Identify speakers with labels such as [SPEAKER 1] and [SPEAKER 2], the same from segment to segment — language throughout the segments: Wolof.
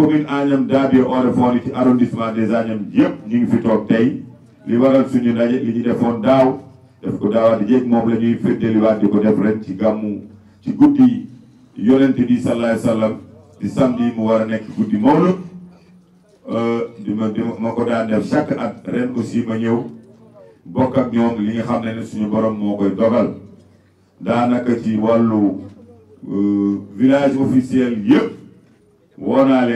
[SPEAKER 1] commune Agnam Dabie Oréfondé ci arrondissement des Agnam yëpp ñu ngi fi toog tey li waral suñu ndaje li ñu defoon daaw def ko daawaati jéeg moom la ñuy féddaliwaat di ko def ren ci gàmmu ci guddi yonent bi sallallahu alayhi wasallam di samedi mu war a nekk guddi mawlud euh, di ma di ma ko daan def chaque at ren aussi ma ñëw bokk ak ñoom li nga xam ne ne suñu borom moo koy dogal daanaka ci wàllu euh, village officiel yëpp woo naa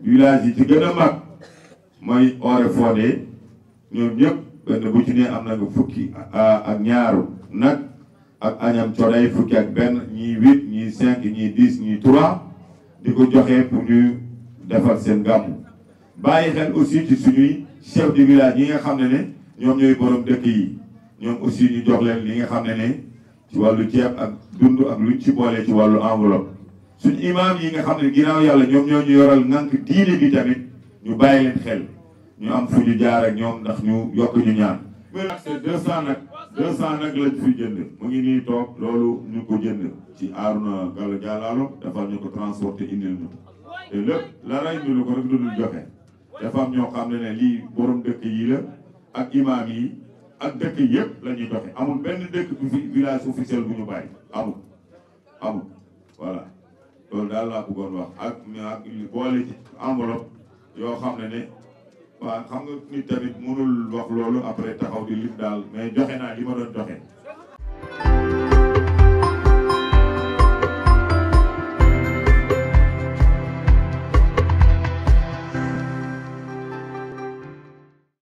[SPEAKER 1] village ci gëna mag moy Oré Fodé ñom ñep fait bu ci né am na fukki ak ñaaru nak ak añam fukki ak huit Nous cinq trois pour ñu sen gam xel aussi ci suivi. chef de village yi nga xamné né ñom ñoy borom dëkk yi aussi ñu jox leen nga xamné ci ak ak ci ci enveloppe suñu imaam yi nga xam ne ginnaaw yàlla ñoom ñoo ñu yoral ngànk diine bi tamit ñu bàyyi leen xel ñu am fu ñu jaar ak ñoom ndax ñu yokk ñu ñaan. accès deux cent nag deux cent lañ fi jënd mu ngi nii toog loolu ñu ko jënd ci Arouna Gallo Diallo dafa ñu ko transporté indil ñu te lépp la ray ñu ko rek dudul joxe dafa ñoo xam ne ne lii borom dëkk yi la ak imaam yi ak dëkk yëpp la ñuy joxe amul benn dëkk bu village officiel bu ñu bàyyi amul amul daal laa bëggoon wax ak ak boole ci enveloppe yoo xam ne ne waa xam nga nit tamit mënul wax loolu après taxaw di lim daal mais joxe naa li doon joxe